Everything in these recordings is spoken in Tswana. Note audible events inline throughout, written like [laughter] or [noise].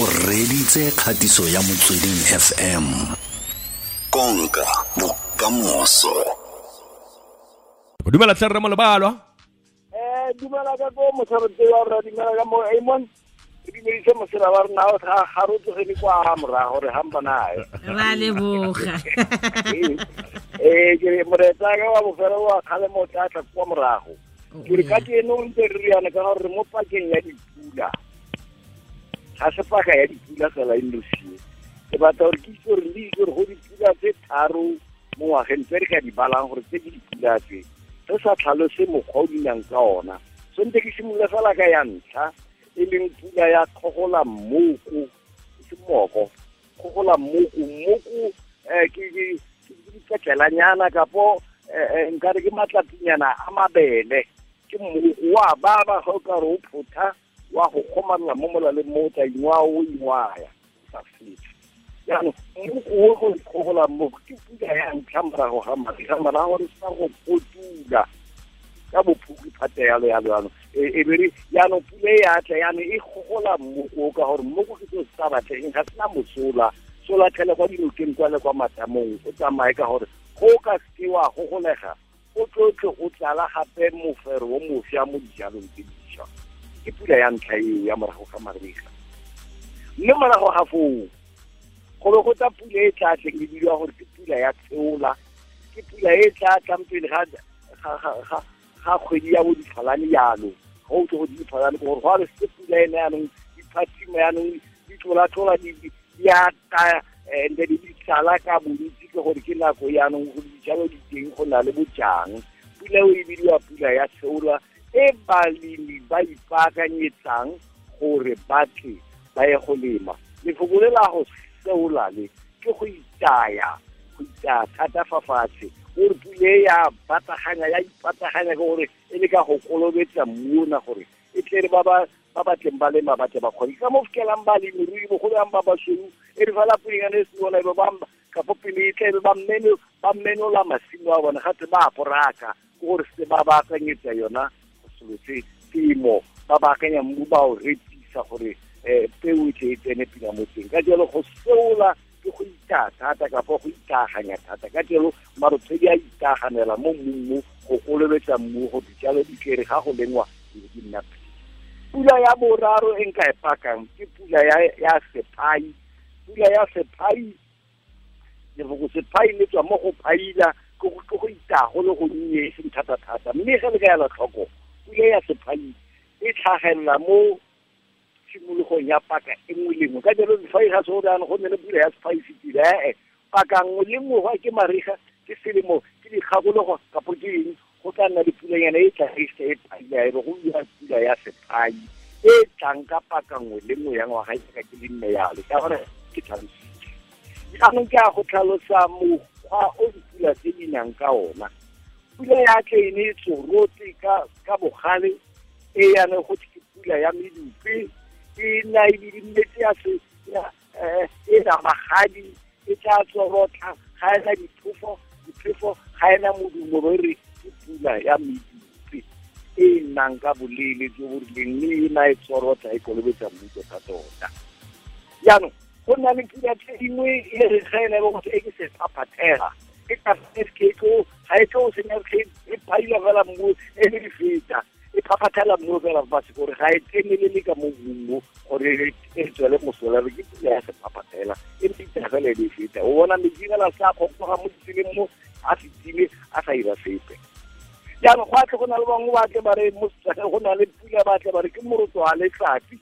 o reditse kgatiso ya motsweding fm konka bokamoso dumela tlhe rre molebalwa Eh dumela ka ko motshwarete wa rra dumela ka mo amon re dumedise mosela wa rena o ga re tlogele kwa morago re hampanayo ra leboga [laughs] ee eh, ke ka wa bofelo wa kgale motlatla kwa morago oh, ke re ka ke eno ntse re riana ka gore re mo pakeng ya dipula ga se paka ya dipula fela industrie ke batla gore ke itse gore le itse gore go dipula tse tharo mo ngwageng tse re ka di balang gore tse ke dipula tse re sa tlhalose mokgwa o dinang ka ona sente ke simolole fela ka ya ntlha e leng pula ya kgogola e mmoko se moko kgogola mmoko mmoko um eh, dipetlelangyana kapo eh, eh, re ke matlapinyana a mabele ke mmoko wa baba ga o ka re o phutha wa go kgomarela mo molaleng mo o tla ingwa o ingwaya sa fetsa jaanong mmoko o go ikgogolang mo ke pula ya ntlha morago ga mariga morago re sa go kotula ka bophuki phate yalo yalo yalo e, e bere yaanong pula e atla yaanong e gogola mmoko ka gore mmoko ke seo se sa batleng ga sena mosola sola tlhele kwa dinokeng kwa le kwa matamong o tsamaye ka gore go ka seke wa gogolega o tlotlhe o tlala gape mofero o mofia mo dijalong tse di ke pula ya ntlha eo ya morago ga mariga mme morago ga foo go be go tsa pula e tla tleng e bidiwa gore ke pula ya tseola ke pula e tla tlang pele ga kgwedi ya bo diphalane jalo ga o tle go diphalane ke gore go a se pula ene yanong diphatsimo yanong ditlolatlola di ya ka and then di ditsala ka bontsi ke gore ke nako yanong go dijalo di teng go na le bojang pula o e bidiwa pula ya seola e balemi ba ipaakanyetsang gore batle ba ye go lema lefoko le la go seolale ke go itaya go itaya thata fa fatshe gore pule ya pataganya ya ipataganya ke gore e le ka go kolobetsa mmuona gore e tle re ba batleng ba lema batle ba kgone ka mo fokelang balemirui bogolo yang ba basweu e re fala pulengane e seolae e bamba kapo pele e tlebe e ba mmenola masimo a bone gate ba aporaka ke gore se ba baakanyetsa yona selo se temo ba baakanya mmu ba o repisa gore um eh, peo e e tsene pina mo teng ka jalo go seola ke go ita thata kapo go itaganya thata ka jalo marotho a itaganela mo mmung go kolobetsa mmu go dijalo dikere ga go lengwa di nna pula ya boraro e nka e pakang ke pula ya sephai pula ya sephai lefoko sephai le tswa mo go phaila ke go itago le go nnye e seng thata-thata mme ge le ka yala tlhoko Pule yase payi, e tahan la mou, si mou lukon ya paka, e mwen lengo. Kajen louni fay haso dan, kwenye le pule yase payi si tira e, paka mwen lengo, wakimari ha, te sile mou, kwenye lakon loko kapoji in, kota nan li pule yane, e tahan liste e payi a, e lukon yase pule yase payi. E tanka paka mwen lengo, yang wakayi kakilin meyali. Kwa wane, ki tali si. Yanon kya kota lo sa mou, wakon pula se yin anka oman. pula ya kaine e, e tsorotse ka bogale e yane go ke pula ya medupe e na ebile mmetse ya se eh, e na magadi e tla tsorotla ga ena diphofo diphefo ga ena modumo re re ke pula ya medupe e nnang ka boleele jo bo rileng mme e na e tsorotla e kolobetsa mmutso ka tota jaanong go nna le pula tse dingwe e re ga ena e le go e ke sefapathela ibaskate ga e tse o senya e, e phaila fela mmu e le feta e phaphathela mmu fela fase gore ga e tsenelele ka mo mmu gore e, e tswele mosola re ke pula ya se sephaphathela e feta fela e le feta o bona metsi fela sa kgokgoga mo ditseleng mo a fetile a sa ira sepe jaanong go atle go na le bangwe batle ba re go na le pula batle ba re ke morotso wa letsatsi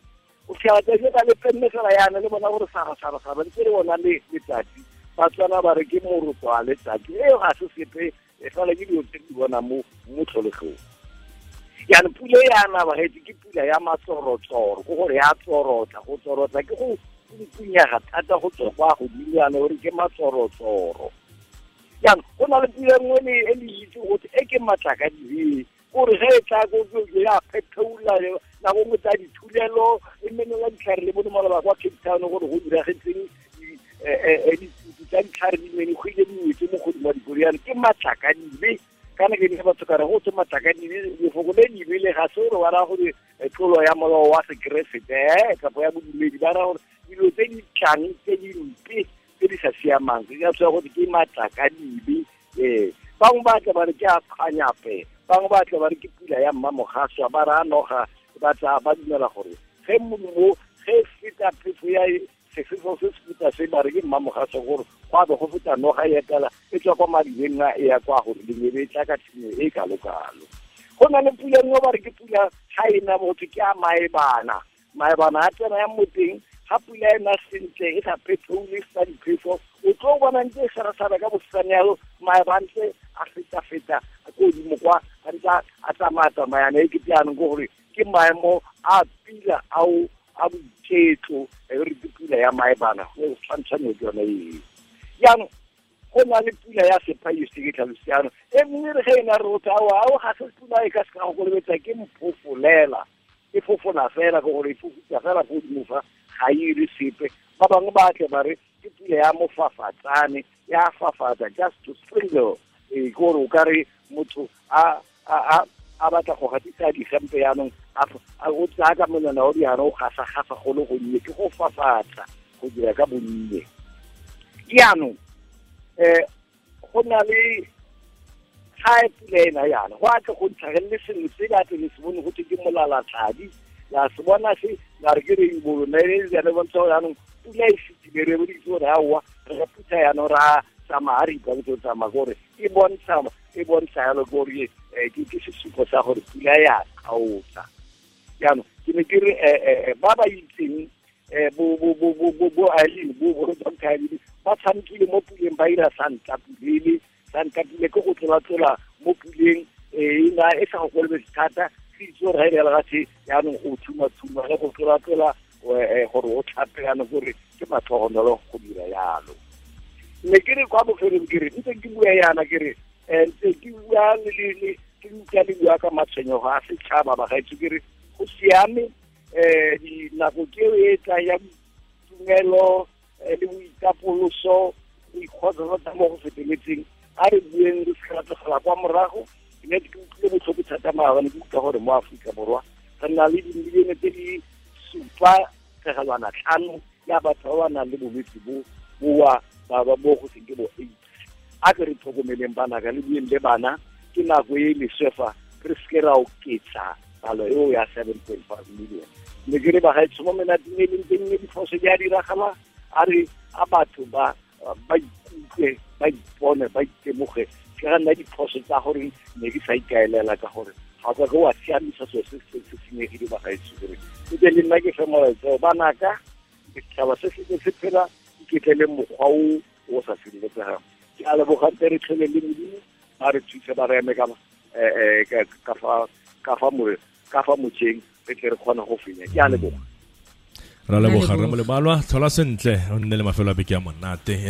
o fiatse ka le penne fela yana le bona gore sara sara sara ntse re bona le letsatsi ba tsana ba re ke moroto a letsatsi eo ga se sepe e fela ke dilo tse di bona mo tlholegong yaanong pula e a nabagetse ke pula ya matsorotsoro ko gore ya tsorotla go tsorotla ke go punyaga thata go tswa kwa godimo yana gore ke matsorotsoro jaanong go na le pula e nngwe le e le itse gote e ke matlaka dibee kore ge e tla ko ya phetola nako e nngwe tsa dithulelo e menela ditlhare le bone malaba kwa cape town gore go diragetseng e, ditlhare di ne di di wetse mo godimo wa dikoriana ke matlakadibe ka nake ne batho kare go tse matlakadibe lefoko le dibele ga se gore wa raya gore e, tlolo ya molao wa sekresete eh, kapo ya bodumedi ba raya gore dilo tse di tlang tse di mpe tse di sa siamang tse ka tsaya gore ke matlakadibe um bangwe ba tla ba re ke a kganyape bangwe ba tla ba re ke pula ya swa ba re noga ba tla ba dumela gore ge molemo ge e feta phefo ya e, sefefo se se feta se ba ke mmamogaso gore go a be go feta noga e etela e tswa kwa madibeng a e ya kwa gore lenyebe e tla ka tsenyo e kalo-kalo go na le pula nngwe ba re ke pula china e motho ke a maebana maebana a tsena ya moteng ga pula ena sentle e sa phethoule sa diphefo o tlo bona ntse e sarasara ka bosesane yalo maebantse a feta-feta ko godimo kwa a ntse a tsamaya-tsamayana e ke teanong ke gore ke maemo a pila ao a boiketlo re ke pula ya maebana go tshwantshane ke yone e yaanong go na le pula ya sepaiste ke tlhaloseano e mme e re ga ena re otse ao ao ga se pula e ka se ka go kolobetsa ke mphofolela e fofola fela ke gore e fofutsa fela go godimo fa ga e ire sepe ba bangwe ba tle ba re ke pula ya mofafatsane ya fafatsa just to sprinkle e, ke gore o kare motho a a batla go gatisa digempe yaanong o tsaya ka monana o diana o gasa-gasa go le gonnye ke go fafatsa go dira ka bonnye yaanong um go na le ga e pula ena yana go atle go ntlhagelele sengwe se ka le se bone gote ke molalatlhadi la se bona se la re ke re bolona yana bontsha yaanong pula e fetile re aowa re putha yaanong ra tsamaya re ikwantse o tsamaya kore e bontsha e bontsha yalo kore um ke sesupo sa gore pula ya kaotsa jaanong ke ne ke re eh, eh, ba ba itseng um bo alin bo ba tshamekile mo puleng ba 'ira pulele santlapulele santlapule ke go tlola-tlola mo puleng um e sa go kolobetse thata fitso re ga ga se e jaanong o thuma-thuma le go tlola-tlola gore o tlhape jaanong kore ke matlhogonolo go dira jalo ne ke re kwa bofelong ke re ntse ke bua yana ke re um ntse ke bua le ke utlwa le bua ka matshwenyego a setšhaba bagaetso ke re go siame um eh, dinako keo e tla ya boitumelo eh, le boitapoloso go ikgotsa mo go feteletseng a re bueng re se kwa morago mme ke utlwile botlhoko thata maabane ke utlwa gore mo aforika borwa re na le dimilione tse di supa tlegelwana tlhano ya batho ba ba nang le bolwetse bo boa ba bo go seng ke bo aids a ke re tlhokomeleng banaka le bueng le bana ke nako e lesefa re seke ra oketsa palo eo ya seven point five million mme ke re bagaetsho mo menateng e leng teng mme diphoso di a diragala a re a batho ba ba ikutlwe ba ipone ba itemoge ke ga nna diphoso tsa gore ne ke sa ikaelela ka gore ga tsa ke wa siamisa seo se se senyegile bagaetsho kere ebe le nna ke fe molaetseo banaka setšhaba se se se phela iketlele mokgwa o o sa sireletsega ke a lebogante re tlhole le modimo ba re thuse ba reme ka eh, eh, ka fa ka fa mo ka mojeng re tle re kgona go fenya ke a leboga ra leboga re mo lebalwa tlhola sentle o nne le mafelo a beke a monate